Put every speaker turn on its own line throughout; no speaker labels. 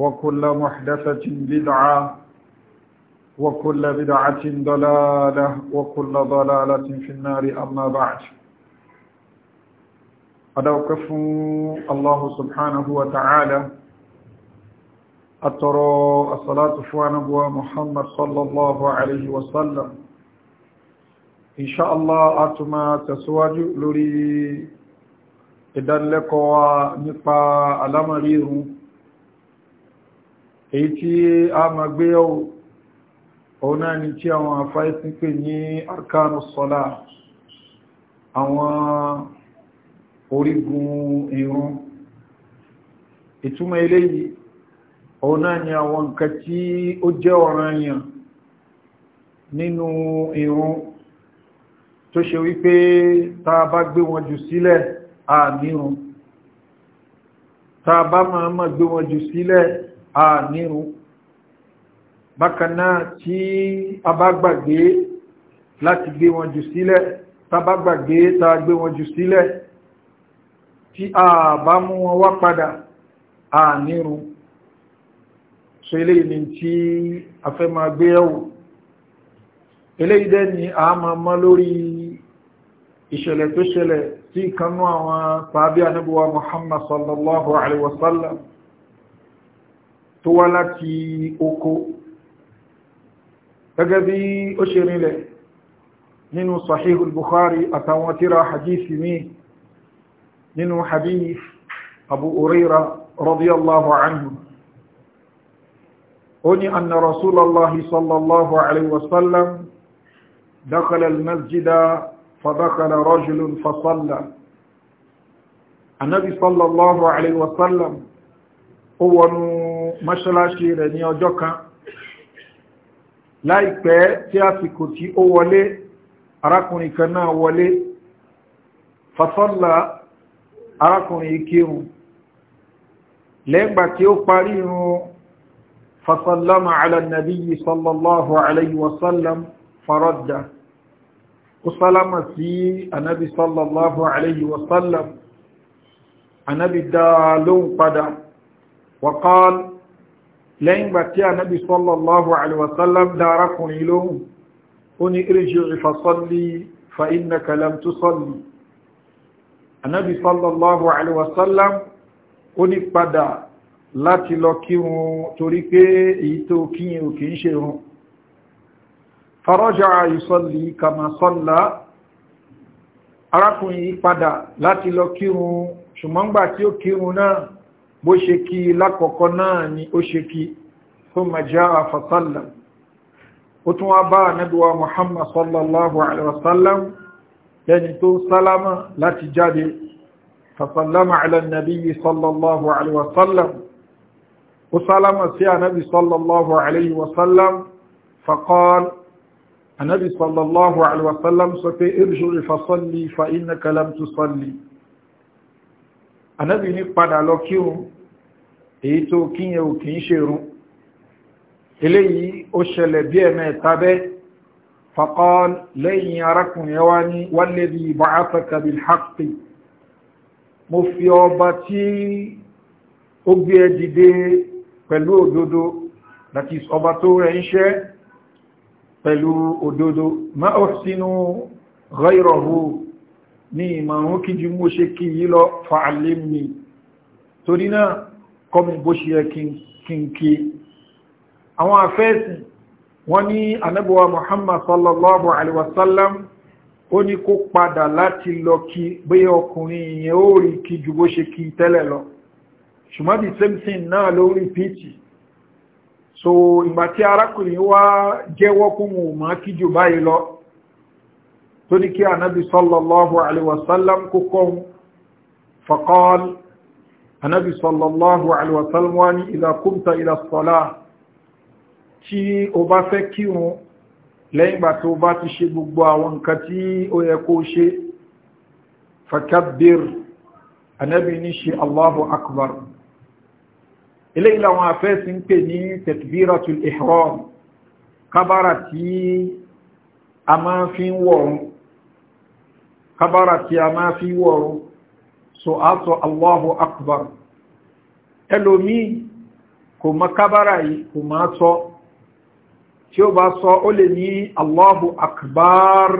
وكل محدثة بدعة وكل بدعة ضلالة وكل ضلالة في النار أما بعد أدوكف الله سبحانه وتعالى أترى الصلاة فوانبوى محمد صلى الله عليه وسلم إن شاء الله أتما تسواج لري إذن لكوا نقا على مريض èyí tí a ma gbé yau òun náà ni tí àwọn àfáìsí pè ní arkanu sọ́lá àwọn orígun ìrun ìtumọ̀ eléyìí òun náà ni àwọn nǹkan tí ó jẹ́ ọ̀ranyàn nínú ìrun tó ṣe wípé tá a bá gbé wọn jù sílẹ̀ àmírun tá bá máa mọ̀ gbé wọn jù sílẹ̀ a nírun bákan náà tí a bá gbàgbé láti gbé wọn jù sílẹ̀ ta bá gbàgbé ta gbé wọn jù sílẹ̀ tí a bá mú wọn wá padà a nírun so eléyìí ni tí a fẹ́ máa gbé ẹ̀wò eléyìí dẹ́ ni a máa mọ́ lórí ìṣẹ̀lẹ̀ tó ṣẹlẹ̀ sí ìkanú àwọn pàábí anábúwa muhammad sallallahu alaihi wasallam tó wá láti oko gẹ́gẹ́ bí ó ṣe rinlẹ̀ nínú sahihul bukhari àtàwọn tíra hadithi mi nínú hadith abu uraira radiyallahu anhu ó ní anna rasulallah sallallahu alaihi wasallam dakhala almasjida فدخل رجل فصلى النبي صلى الله عليه وسلم هو mọ́ṣáláṣí rẹ̀ ní ọjọ́ kan láìpẹ́ tí àsìkò tí ó wọlé arákùnrin kan náà wọlé fasọ́lá arákùnrin ikirun lẹ́gbà tí ó parí irun fasọ́lámà alànàbíyí sallallahu alayhi wasallam faradda ó sálámà sí anábi sallallahu alayhi wasallam anábi dáa lóhun padà وقال lẹ́yìn gbà tí a nábi sallallahu alaihi wasallam dárakùnrin lóhun ó ní irji' fasalli fa innaka lam tusalli anábi sallallahu alaihi wasallam ó ní padà láti lọ kírun torí pé èyí tó kíyìn ò kì í ṣe rùn faraja'a yusalli ṣùgbọ́n gbà tí ó kírun náà bó ṣe kí lákọ̀ọ́kọ́ náà ni ó ṣe kí tó ma já a fasallam ó tún wá bá anábíwa muhammad sallallahu alaihi wasallam yẹni tó sálámà láti jáde fasallama alannabiyyi sallallahu alaihi wasallam ó sálámà sí anábi sallallahu alaihi wasallam faqal anábi sallallahu alaihi wasallam sọ pé irjuri fasalli fa innaka lam tusalli anábì ní padà lọ kí o èyí tó kí yẹn ò kìí ṣe rún eléyìí ó ṣẹlẹ̀ bí ẹ̀mẹ́ta bẹ́ẹ̀ faqal lẹ́yìn arákùnrin wa ní walladhi ba'athaka bilhaqqi mo fi ọba tí ó gbé ẹ dìde pẹ̀lú òdodo that ọba tó rẹ̀ ń ṣẹ́ pẹ̀lú òdodo ma uhsinu ghayrahu ní ìmọ̀rún kí jú mú ṣe kí yí lọ fa'alim ni torí náà kọmi bó ṣe yẹ kínkí àwọn afẹ́ẹ̀sì wọ́n ní anábọ̀wà muhammad sallallahu alaihi wasallam ó ní kó padà láti lọ kí bóyá ọkùnrin yẹn ó rí kí ju bó ṣe kí tẹ́lẹ̀ lọ ṣùgbọ́n the náà ló pìtì so ìgbà tí arákùnrin wá jẹ́wọ́ kún un mọ́ kí ju báyìí lọ torí kí anábi sallallahu alaihi wasallam kó kọ́hún faqal anábi sallallahu alaihi wasallam wá ní idha kumta ila salah tí o bá fẹ́ kírun lẹ́yìn gbà tó bá ti ṣe gbogbo àwọn nǹkan tí ó yẹ kó ṣe fakabbir anábi ní ṣe allahu akbar ilé ìlàwọn afẹ́sí pè ní takbiratul ihram kábára tí a máa fi ń wọ̀run kábára tí a máa fi wọ̀rọ̀ so a sọ allahu akbar ẹlòmí kò mọ kábára yìí kò máa sọ tí ó bá sọ ó lè ní allahu akbar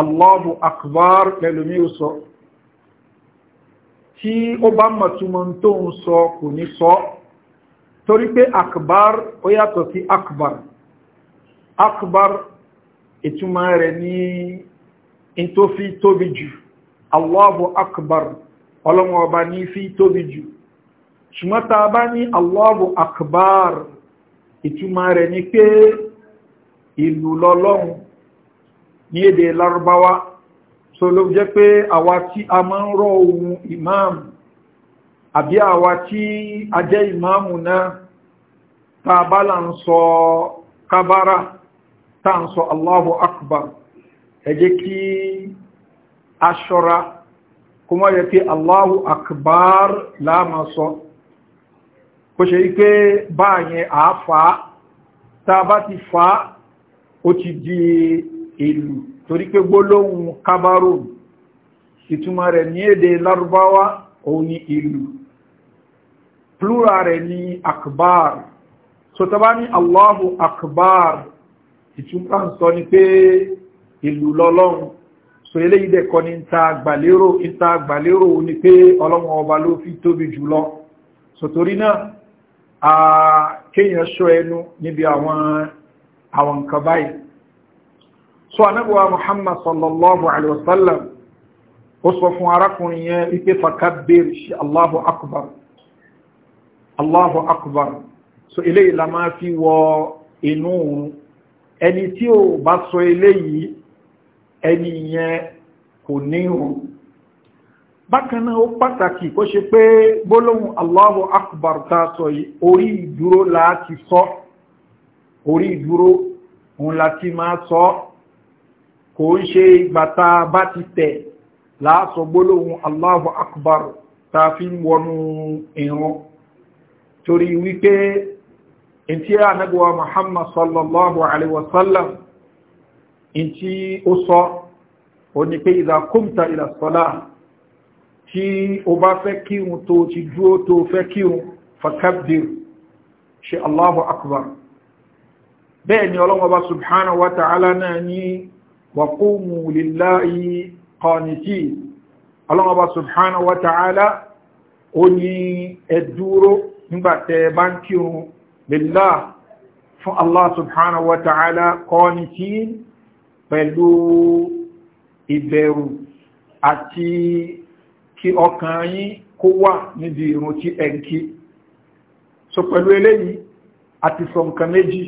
allahu akbar ẹlòmí ó sọ tí ó bá mọ̀túnmọ̀ tó ń sọ kò ní sọ torí pé akbar ó yàtọ̀ sí akbar akbar ìtumọ̀ rẹ̀ ní in to fi tóbi jù Allahu akbar ọlọ́wọ́ ọba ní fi tobi ju ṣùgbọ́n tá bá ní Allahu akbar ìtumọ̀ rẹ̀ ni pé ìlú lọ́lọ́run ní èdè Lárúbáwá so ló jẹ́ pé àwa tí a máa ń rọ ohun imam àbí àwa tí a jẹ́ ìmáàmù náà tá a bá là ń sọ kábára tá à ń sọ Allahu akbar ẹ jẹ́ kí a ṣọ́ra kó mọ́ yẹ pé Allahu akbar láàmà sọ kó ṣe wípé báyẹn àáfà tá a bá ti fa ó ti di ìlú torí pé gbólóhùn kábárò ìtumọ̀ rẹ̀ ní èdè lárúbáwá òun ni ìlú plural rẹ̀ ni akbar so tàbá ní Allahu akbar ìtumọ̀ sọ ni pé ìlú lọ́lọ́run so eléyìí dẹ̀kọ́ ní ta gbàlérò ìta gbàlérò ní pé ọlọ́run ọba ló fi tóbi jùlọ so torí náà kéèyàn ṣọ ẹnu níbi àwọn àwọn nǹkan báyìí so anábọ̀wá muhammad sallallahu alaihi wasallam ó sọ fún arákùnrin yẹn wípé fakabir ṣe allahu akbar allahu akbar so eléyìí la máa fi wọ inú ẹni tí ò bá sọ eléyìí ẹni yẹn kò ní irun bákanáà ó pàtàkì kó ṣe pé gbólóhùn Allahu akbar ta sọ yìí orí ìdúró láti sọ orí ìdúró òun láti máa sọ kò ń ṣe ìgbàta bá ti tẹ̀ láàsọ gbólóhùn Allahu akbar ta fi ń wọnú ìrun torí wípé ìtí ànágbà Muhammad sallallahu alaihi wasallam in tí ó sọ ó ní pé ìdá kúmta ìlà sọ́lá tí ó bá fẹ́ kírun tó ti dúró tó fẹ́ kírun fakabdir ṣe Allahu akbar bẹ́ẹ̀ ni ọlọ́wọ́ bá subhanahu wa ta'ala náà ní wa qumu lillahi qanitin ọlọ́wọ́ bá subhanahu wa ta'ala ó ní ẹ̀dúró nígbàtẹ̀ bá ń kírun lillah fún Allah subhanahu wa ta'ala qanitin pẹ̀lú ìbẹ̀rù àti kí ọkàn yín kó wà níbi ìrun tí ẹ ń kí so pẹ̀lú eléyìí àti sọ nǹkan méjì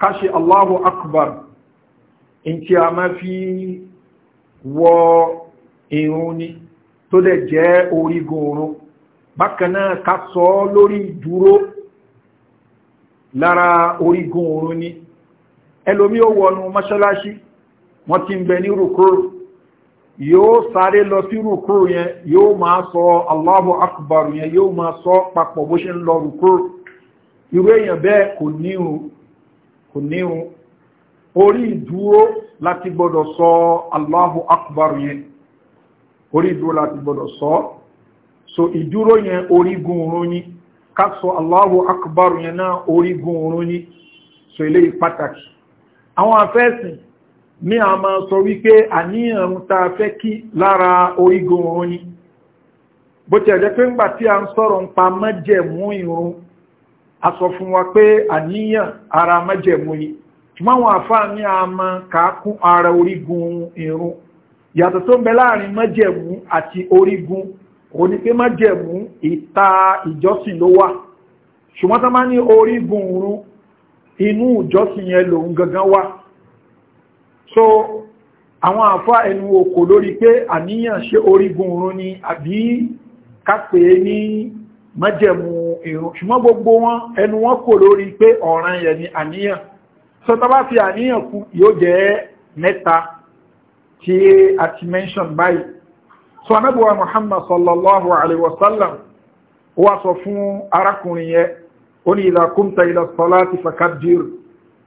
ká Allahu akbar in tí a máa fi wọ ìrun ni tó dẹ̀ jẹ́ orígun òrun bákanáà ká sọ lórí ìdúró lára orígun òrun ni ẹlòmí ó wọnú mọ́ṣálásí wọ́n ti ń bẹ ní rùkúrù yóò sáré lọ sí rùkúrù yẹn yóò máa sọ aláhu akbar yẹn yóò máa sọ papọ̀ bó ṣe ń lọ rùkúrù irú èèyàn bẹ́ẹ̀ kò níhun orí ìdúró láti gbọ́dọ̀ sọ aláhu akbar yẹn orí ìdúró láti gbọ́dọ̀ sọ so ìdúró yẹn orígun òrun yìí ká sọ aláhu akbar yẹn náà orígun so eléyìí pàtàkì àwọn afẹ́sìn ní a máa sọ wípé àníyàn ta fẹ́ kí lára orígun òun ni bó ti ẹ̀jẹ́ pé ńgbà tí a ń sọ̀rọ̀ ń pa mọ́jẹ̀mú ìrun a sọ fún wa pé àníyàn ara mọ́jẹ̀mú ni ṣùgbọ́n àwọn àfáà ní a máa kàákún ara orígun ìrun yàtọ̀ tó ń bẹ láàrin mọ́jẹ̀mú àti orígun òun ni pé mọ́jẹ̀mú ìta ìjọsìn ló wà ṣùgbọ́n tó máa ní orígun ìrun inú ìjọsìn yẹn lòun gangan wá so àwọn àfá ẹnu okò lórí pé àníyàn ṣe orígun òun ni àbí kápẹ́ ní májẹ̀mú ìrùn ṣùgbọ́n gbogbo wọn ẹnu wọn kò lórí pé ọ̀ràn yẹn ni àníyàn so tá fi àníyàn kú yóò jẹ́ mẹ́ta tí a ti mention báyìí so anábọ̀wà muhammad sallallahu alaihi wasallam wá sọ fún arákùnrin yẹn ó ní idha kumta ila salati fakabbir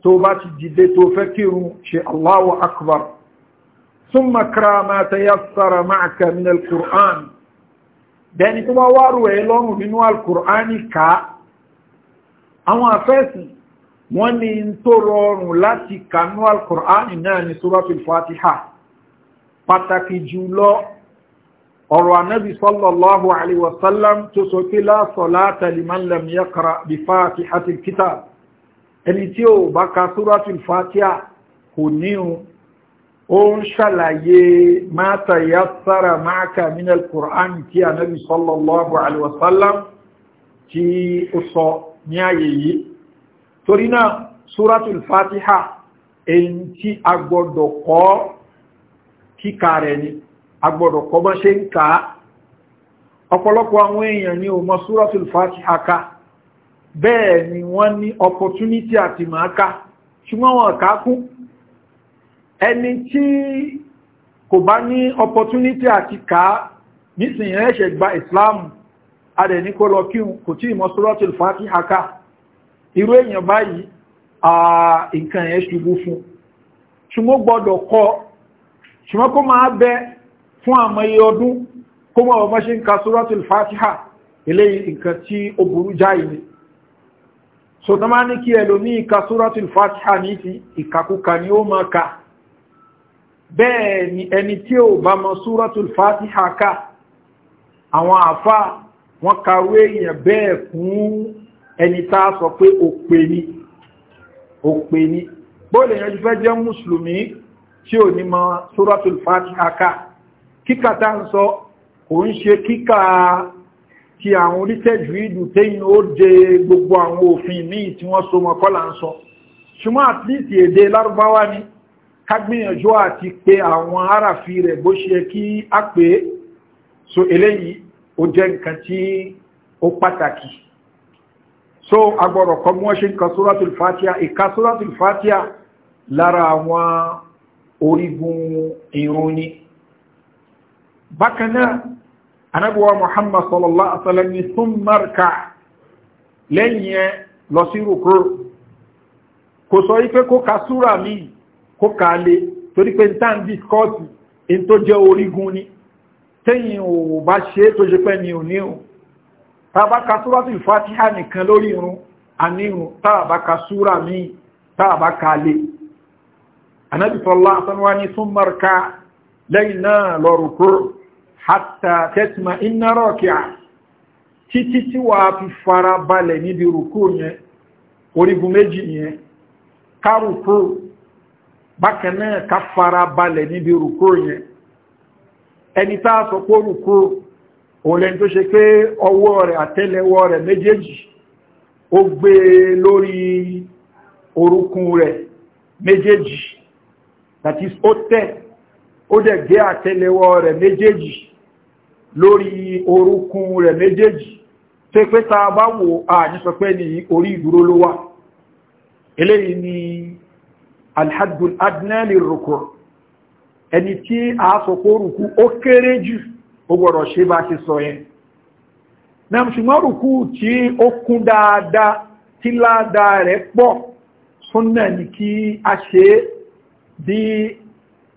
tó bá ti dìde tó fẹ́ kírun ṣe Allahu akbar thumma ikra ma tayassara ma'aka min al-Qur'an bẹ́ẹ̀ni tó bá wárò ẹ̀ lọ́rùn nínú al ká àwọn afẹ́sìn wọ́n ní tó rọrùn láti kanú al náà ní suratul Fatiha pàtàkì jùlọ ọ̀rọ̀ anábì sallallahu alaihi wasallam tó sọ pé lásọ̀lá tàlímọ́lẹ̀m yẹ kara bí fàákì àti kíta ẹni tí ó bá ka súrátì fàákìá kò ní o ó ń ṣàlàyé máta ya sára máa ka minel quran tí anábì sallallahu alaihi tí ó sọ agbọ́dọ̀ kọ́ bá ṣe ń kà á àwọn èèyàn ni ò mọ súratul Fatiha ká bẹ́ẹ̀ ni wọ́n ní opportunity àti máa ká ṣùgbọ́n wọn kà kún ẹni tí kò bá ní opportunity àti kà á ẹ̀ṣẹ̀ gba Islam adẹ̀ ní kó lọ kíhun kò tí ì mọ súratul Fatiha ká irú èèyàn báyìí nǹkan yẹn fún àmọ́yé ọdún kó mọ̀ ọmọ ṣe ń ka suratul fatiha eléyìí nǹkan tí ó burú jáì ni so tó máa ní kí ẹlòmí ìka suratul fatiha ní ti ìkàkùkà ni ó máa ka bẹ́ẹ̀ ni ẹni tí ó bá mọ suratul fatiha ká àwọn àfá wọn kàwé èèyàn bẹ́ẹ̀ fún ẹni tá a sọ pé òpè ni òpè ni bóòlù èèyàn fẹ́ jẹ́ mùsùlùmí tí ò ní mọ suratul fatiha ká kíkà tá ń sọ kò ń ṣe kíkà ti àwọn onítẹ̀jú ìlú tẹ́yìn ó de gbogbo àwọn òfin míì tí wọ́n so mọ́ ń sọ ṣùgbọ́n at èdè lárúbáwá ni kágbìyànjú àti pé àwọn aráfi rẹ̀ bó ṣe kí á pé so eléyìí ó jẹ́ nǹkan tí ó pàtàkì so agbọ̀rọ̀ kọ́ mọ́ ṣe nǹkan sóràtùl fatia ìka sóràtùl fatia lára àwọn orígun ìrún ni bákan náà anábíwá muhammad sallallahu alaihi wasallam ni thumma rka' lẹ́yìn ẹ lọ sí rúkú kò sọ ipé kó ka súra mi kó ka lè torí pé tá ń discourse in tó jẹ́ orígun ni tẹ́yìn ò bá ṣe tó ṣe pẹ́ ni ò ní o tàbá ka súra sí fatiha nìkan lórí irun àníhun tàbá ka súra mi tàbá ka lè anábìsọ́lá sanwó-án ní súnmọ́ra lẹ́yìn náà lọ rúkú hatta tẹ́tìmá iná rọ́ọ̀kìá títí tí wà á fi fara balẹ̀ níbi rùkú yẹn orígun méjì yẹn kárùkú bákan náà ká fara balẹ̀ níbi rùkú yẹn ẹni tá a sọ pé rùkú òun tó ṣe pé ọwọ́ rẹ̀ àtẹ́lẹwọ́ rẹ̀ méjèèjì ó gbé lórí orúkún rẹ̀ méjèèjì that is ó tẹ̀ ó dẹ̀ gé àtẹ́lẹwọ́ rẹ̀ méjèèjì lórí orúkún rẹ̀ méjèèjì tó pé ta bá wò ààyí sọ pé ní orí ìdúró ló wà eléyìí ni alhaddul adnali rukur ẹni tí a sọ pé orúkú ó kéré jù ó gbọ́dọ̀ ṣe bá ṣe sọ yẹn nam ṣùgbọ́n rùkú tí ó kún dáadáa tí ládàá rẹ̀ pọ̀ súnnà ní kí a ṣe bí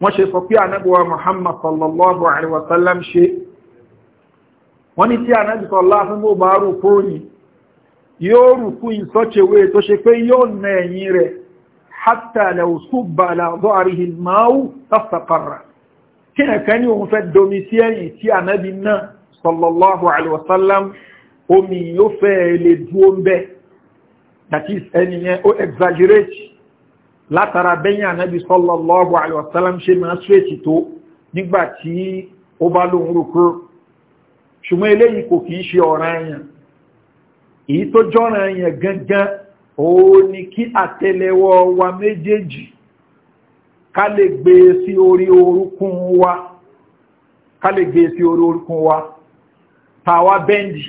wọ́n ṣe sọ pé anábọ̀wà muhammad sallallahu alaihi wasallam ṣe wọ́n ní tí ànábì sallallahu alaihi wasallam bá rù kó ní yóò rù kú in such a way tó ṣe pé yóò nà ẹ̀yìn rẹ̀ hatta law subba ala dhahrihi al-ma'u tastaqarra kí ni kan ní òun fẹ́ domi sí ẹ̀yìn tí ànábì náà sallallahu alaihi ṣùgbọ́n eléyìí kò kìí ṣe ọ̀ràn ẹ̀yàn èyí tó jọ́ràn ẹ̀yàn gangan òun ni kí àtẹ́lẹwọ́ wa méjèèjì ká lè gbé e sí orí orúnkún wa ká lè gbé e sí orí orúnkún wa tàwa bẹ́ndì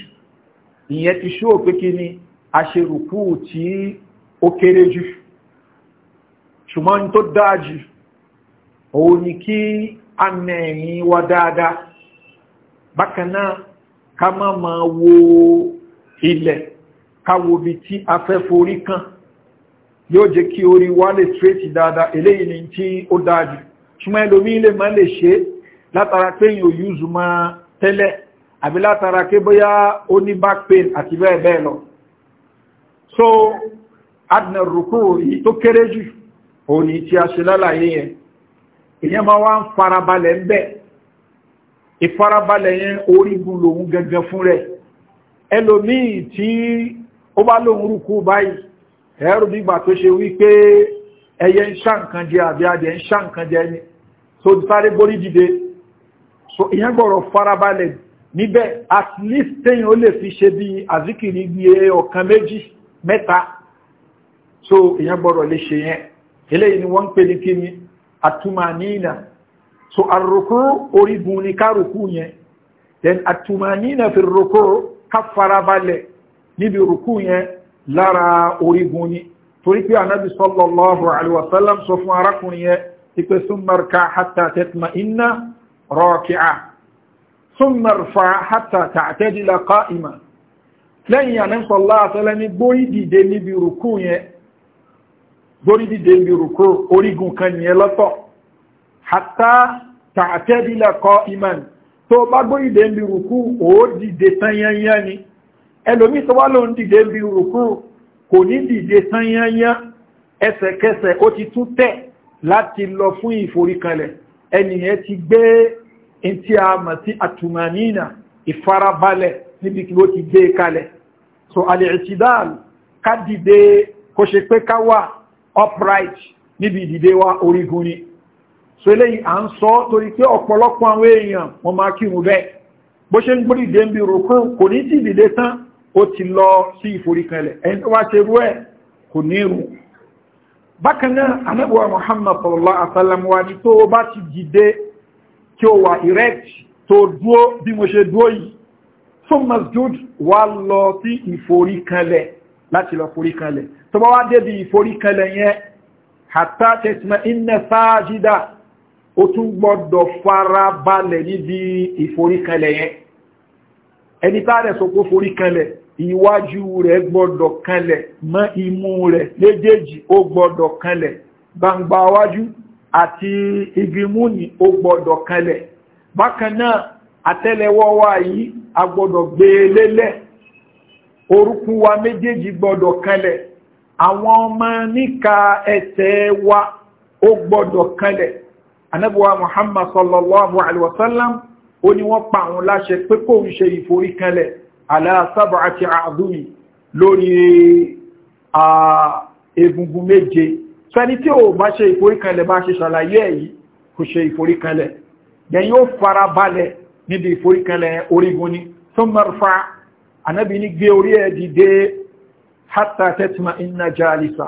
ìyẹn ti ṣó pé ni àṣerùkú tí ó kéré jù ṣùgbọ́n tó dáa jù òun ni kí a nẹ̀yìn wa dáadáa bákan náà ká má máa wo ilẹ̀ káwo bí tí afẹ́ forí kan yóò jẹ́ kí orí wá lè tírètì dáadáa eléyìí ni tí ó dájú ṣùgbọ́n ẹlòmí lè má lè ṣe látara pé yìí ò yúzù tẹ́lẹ̀ àbí látara pé bóyá ó ní back pain àti bẹ́ẹ̀ bẹ́ẹ̀ lọ so adna rukú yìí tó kéré jù òní tí a ṣe lálàyé yẹn èèyàn máa wá ń farabalẹ̀ ń bẹ́ẹ̀ ìfarabalẹ̀ yẹn orígun lòun gẹ́gẹ́ fún rẹ̀ ẹlòmíì tí ó bá lòun rúkú báyìí ẹ̀rù nígbà tó ṣe wípé ẹyẹ ń ṣàǹkan jẹ àbí adìẹ ń ṣàǹkan jẹ ni tó sáré borí dìde so ìyẹn gbọ́rọ̀ farabalẹ̀ níbẹ̀ at least tẹ́yìn ó lè fi ṣe bí àzíkìrí bí ọ̀kan méjì mẹ́ta so ìyẹn gbọ́rọ̀ lè ṣe yẹn eléyìí ni wọ́n ń pè ní kíni àtúmọ̀ so arruku orígun ni ká ruku yẹn then atumanina fi ruku ká farabalẹ̀ níbi ruku yẹn lára orígun ni torí pé anabi sallallahu alaihi wa sallam sọ fún arákùnrin yẹn ipe sumarka hatta tatma inna raki'a sumarfa hatta ta'tadila qa'ima lẹ́yìn anabi sallallahu alaihi wa sallam ni gbórí dìde níbi ruku yẹn gbórí dìde níbi ruku orígun kan yẹn lọ́tọ̀ hatta tààtẹ́dílẹ̀ kọ iman tó bá gbó ìdè ń bi rùkú ó dìde tán yányán ni ẹlòmí tó wá ló ń dìde ń bi rùkú kò ní dìde tán yányán ẹsẹ̀kẹsẹ̀ ó ti tún tẹ̀ láti lọ fún ìforíkanlẹ̀ ẹnìyẹn ti gbé ntí a sí àtùmánínà ìfarabalẹ̀ níbi kí ló ti gbé e kalẹ̀ so alẹ́ ìtìdáàlù ká dìde kó ṣe pé ká wà upright níbi ìdìde wa orígun ni so eléyìí à ń sọ torí pé ọ̀pọ̀lọpọ̀ àwọn èèyàn wọn máa kírun bẹ́ẹ̀ bó ṣe ń gbórí dé ń bi rùkún kò ní sí ìdílé tán ó ti lọ sí ìforíkanlẹ̀ ẹni tó wá ṣe rú ẹ̀ kò ní irun bákan náà anábọ̀wá muhammad sallallahu alaihi wasallam wa ni tó bá ti dìde tí ó wà erect tó dúó bí mo ṣe dúó yìí fún masjid wá lọ sí ìforíkanlẹ̀ láti lọ foríkanlẹ̀ tó bá wá débi ìforíkanlẹ̀ yẹn hatta tẹ̀sìmọ̀ inna sáájídá otu tún gbọ́dọ̀ fara balẹ̀ níbi ìforíkanlẹ̀ yẹn ẹni tá rẹ̀ sọpọ̀ foríkanlẹ̀ ìwájú rẹ̀ gbọ́dọ̀ kanlẹ̀ mọ́ imú rẹ̀ gbangba wájú àti igimú ni ó gbọ́dọ̀ kanlẹ̀ bákan náà àtẹ́lẹwọ́ wa yìí a gbọ́dọ̀ gbé e lélẹ̀ wa méjèèjì gbọ́dọ̀ àwọn anábíwá muhammad sallallahu alaihi wasallam ó ní wọ́n pa àwọn láṣẹ pé kó ń ṣe ìforíkanlẹ̀ aláàsábà àti àdúmì lórí egungun méje fẹ́ni tí ó bá ṣe ìforíkanlẹ̀ bá ṣe ṣàlàyé èyí kò ṣe ìforíkanlẹ̀ yẹn yóò fara balẹ̀ níbi ìforíkanlẹ̀ orígun ni tó mẹ́rfà ní gbé orí ẹ̀ dìde hátà tẹ́tìmá iná jálisa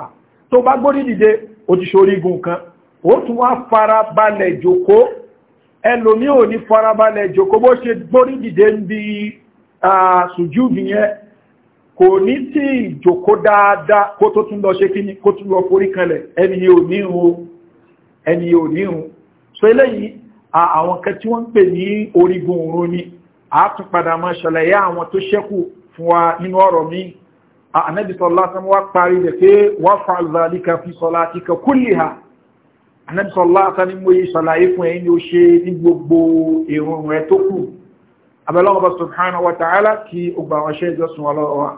tó bá gbórí dìde ó ti ṣe orígun kan ó tún wá farabalẹ̀ jòkó ẹlòmí ò ní farabalẹ̀ jòkó bó ṣe gbórí dìde ń bí ṣùjú nìyẹn kò ní tí ìjòkó dáadáa kó tó tún lọ ṣe kí ní kó tún lọ forí kanlẹ̀ ẹni ò níhun so eléyìí àwọn kẹ tí wọ́n ń pè ní orígun òun ni a tún padà máa ṣàlàyé àwọn tó ṣẹ́kù fún wa nínú ọ̀rọ̀ mi ànẹ́bìsọ̀ lásán wá parí rẹ̀ pé wọ́n fa zalika fi sọ́lá àti kẹ kúlì ha anẹ́bísọ̀lá àtàní mo yí ṣàlàyé fún ẹ̀yìn ni ó ṣe ní gbogbo èrò rẹ̀ tó kù abẹ́lọ́wọ́ bá subhanahu wa ta'ala kí ó gbà wọn ṣe ìjọsùn ọlọ́wọ́ wa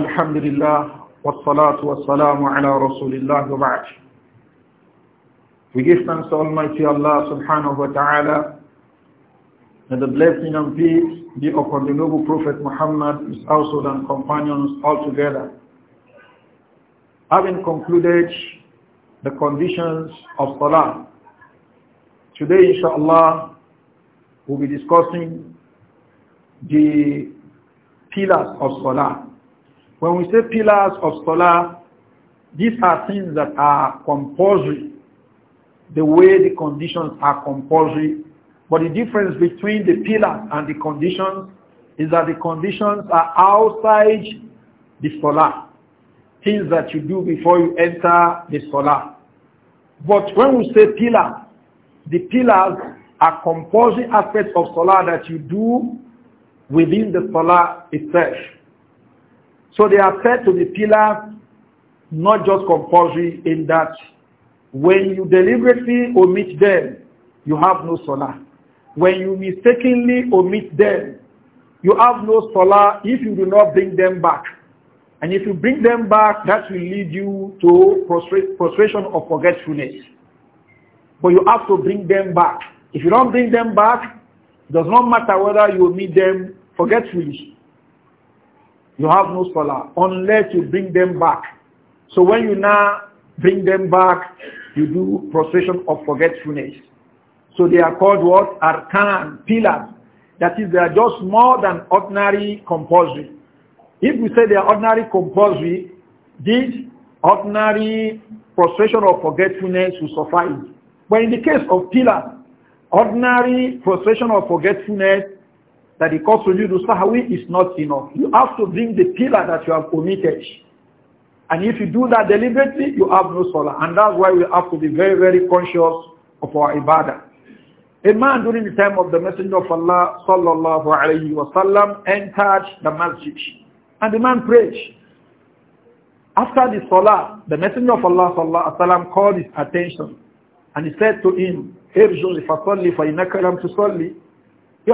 alhamdulillah wassalatu wassalamu ala rasulillah wa ba'd we give thanks to almighty allah subhanahu wa ta'ala May the blessing and peace be upon the noble Prophet Muhammad, his household and companions altogether. Having concluded the conditions of Salah, today inshallah we'll be discussing the pillars of Salah. When we say pillars of Salah, these are things that are compulsory, the way the conditions are compulsory but the difference between the pillars and the conditions is that the conditions are outside the solar. Things that you do before you enter the solar. But when we say pillar, the pillars are compulsory aspects of solar that you do within the solar itself. So they are said to be pillars, not just compulsory in that when you deliberately omit them, you have no solar when you mistakenly omit them, you have no salah if you do not bring them back. And if you bring them back, that will lead you to prostration or forgetfulness. But you have to bring them back. If you don't bring them back, it does not matter whether you omit them forgetfully. You have no salah unless you bring them back. So when you now bring them back, you do prostration of forgetfulness. So they are called what? Arkan, pillars. That is, they are just more than ordinary compulsory. If we say they are ordinary compulsory, this ordinary frustration or forgetfulness will suffice. But in the case of pillars, ordinary frustration or forgetfulness that it causes you to sahwi is not enough. You have to bring the pillar that you have omitted. And if you do that deliberately, you have no salah. And that's why we have to be very, very conscious of our ibadah. A man during the time of the Messenger of Allah sallallahu alayhi wasallam entered the masjid and the man prayed. After the salah, the Messenger of Allah sallallahu alayhi wasallam called his attention and he said to him, You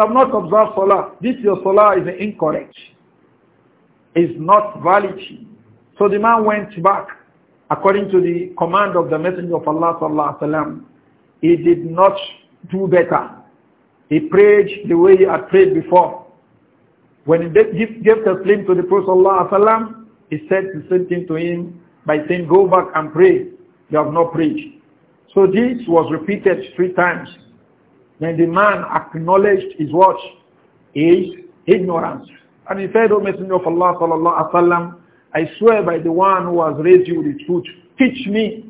have not observed salah. This your salah is incorrect. It's not valid. So the man went back according to the command of the Messenger of Allah sallallahu alayhi wasallam. He did not do better. He prayed the way he had prayed before. When he gave the claim to the Prophet ﷺ, he said the same thing to him by saying, go back and pray. You have not prayed. So this was repeated three times. Then the man acknowledged his what? His ignorance. And he said, O Messenger of Allah ﷺ, I I swear by the one who has raised you with the truth, teach me.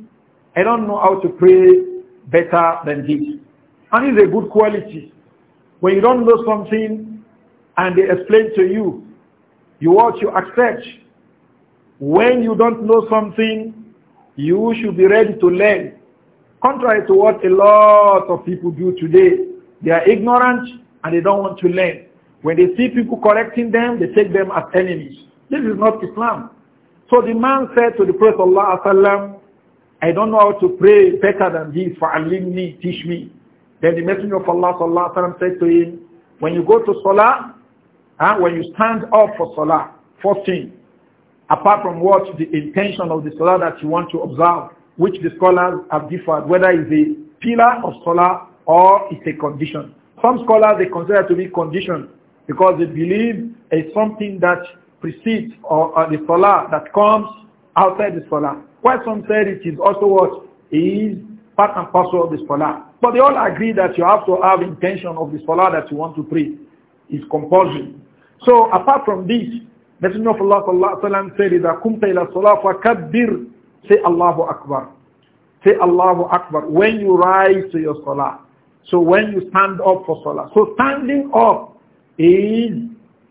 I don't know how to pray better than this. And it's a good quality. When you don't know something and they explain to you, you what you accept. When you don't know something, you should be ready to learn. Contrary to what a lot of people do today, they are ignorant and they don't want to learn. When they see people correcting them, they take them as enemies. This is not Islam. So the man said to the Prophet Allah, I don't know how to pray better than this. For me, teach me. Then the Messenger of Allah sallallahu alaihi wasallam said to him, when you go to Salah, huh, when you stand up for Salah, first thing, apart from what the intention of the Salah that you want to observe, which the scholars have differed, whether it's a pillar of Salah or it's a condition. Some scholars they consider to be condition because they believe it's something that precedes or, or the Salah that comes outside the Salah. While some said it is also what is part and parcel of the salah. But they all agree that you have to have intention of the salah that you want to pray. It's compulsory. So apart from this, Messenger of Allah sallallahu alaihi wasallam said, إذا كنت إلى Say Allahu Akbar. Say Allahu Akbar when you rise to your salah. So when you stand up for salah. So standing up is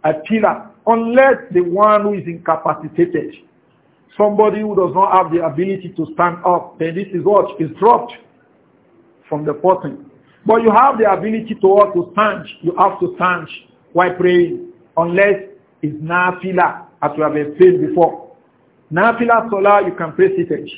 a pillar unless the one who is incapacitated Somebody who does not have the ability to stand up, then this is what is dropped from the person. But you have the ability to what to stand. You have to stand while praying, unless it's nafila, as we have explained before. Nafila salah, you can pray seated.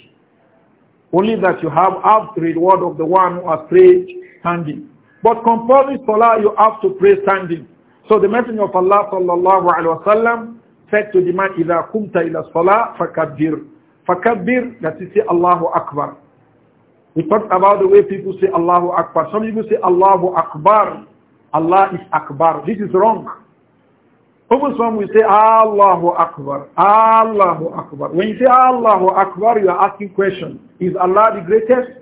Only that you have have the reward of the one who has prayed standing. But compulsory salah, you have to pray standing. So the Messenger of Allah sallallahu alaihi wasallam said to the man, إِذَا قُمْتَ إِلَى الصَّلَاةِ فَكَبِّرْ فَكَبِّرْ That is say Allahu Akbar. We talked about the way people say Allahu Akbar. Some people say Allahu Akbar. Allah is Akbar. This is wrong. Over some we say Allahu Akbar. Allahu Akbar. When you say Allahu Akbar, you are asking question. Is Allah the greatest?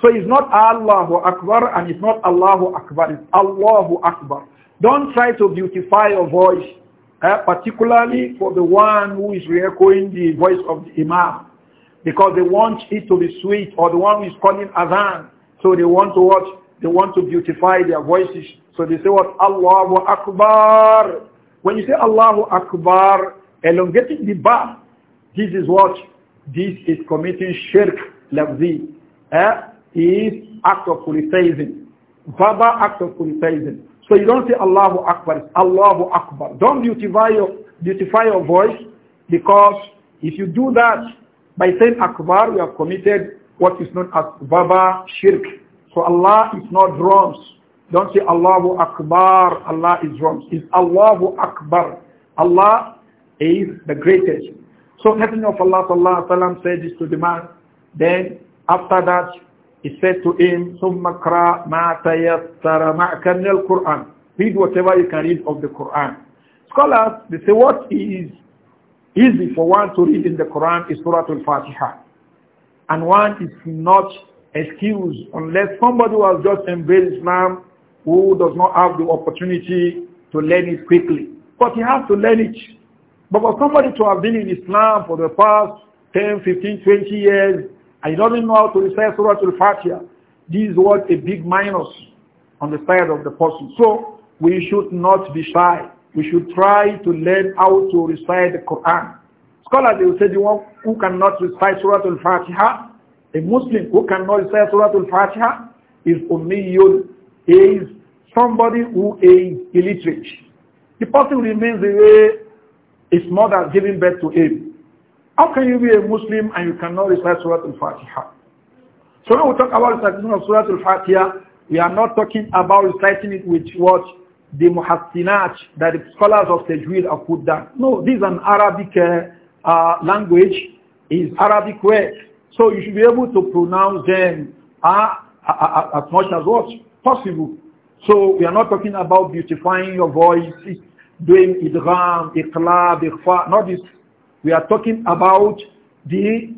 So it's not Allahu Akbar and it's not Allahu Akbar. It's Allahu Akbar. Don't try to beautify your voice uh, particularly for the one who is re-echoing the voice of the imam, because they want it to be sweet, or the one who is calling adhan, so they want to watch, they want to beautify their voices, so they say what Allahu Akbar. When you say Allahu Akbar, elongating the bar, this is what this is committing shirk lafzi. Eh? Is act of polytheism, verbal act of polytheism. So you don't say Allahu Akbar, Allahu Akbar. Don't beautify your, beautify your voice because if you do that by saying Akbar, you have committed what is known as Baba Shirk. So Allah is not drums. Don't say Allahu Akbar, Allah is drums. It's Allahu Akbar. Allah is the greatest. So Messenger of Allah Allah said this to the man. Then after that, he said to him, ثُمَّ قْرَى مَا تَيَسَّرَ مَعْكَ مِنَ Read whatever you can read of the Quran. Scholars, they say what is easy for one to read in the Quran is Surah Al-Fatiha. And one is not excused unless somebody who has just embraced Islam who does not have the opportunity to learn it quickly. But he has to learn it. But for somebody to have been in Islam for the past 10, 15, 20 years, I don't doesn't know how to recite Surah Al-Fatiha. This was a big minus on the side of the person. So we should not be shy. We should try to learn how to recite the Quran. Scholars, will say the one who cannot recite Surah Al-Fatiha, a Muslim who cannot recite Surah Al-Fatiha is ummiyun, is somebody who is illiterate. The person remains the way his mother giving birth to him. How can you be a Muslim and you cannot recite Surah Al-Fatiha? So when we talk about reciting of Surah Al-Fatiha, we are not talking about reciting it with what the muhassinat that the scholars of Tajweed have put down. No, this is an Arabic uh, uh language, is Arabic words, So you should be able to pronounce them uh, uh, uh, as much as what possible. So we are not talking about beautifying your voice, doing idgham, iqlab, iqfa, not this we are talking about the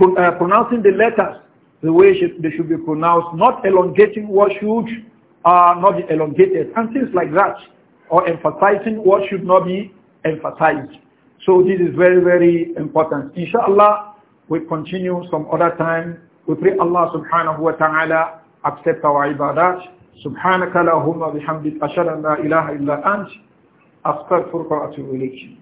uh, pronouncing the letters the way they should be pronounced, not elongating what should uh, not be elongated, and things like that, or emphasizing what should not be emphasized. So this is very, very important. Inshallah, we continue some other time. We pray Allah subhanahu wa ta'ala accept our ibadat. سبحانك اللهم وبحمدك أشهد أن ilaha illa Ant, أنت أستغفرك وأتوب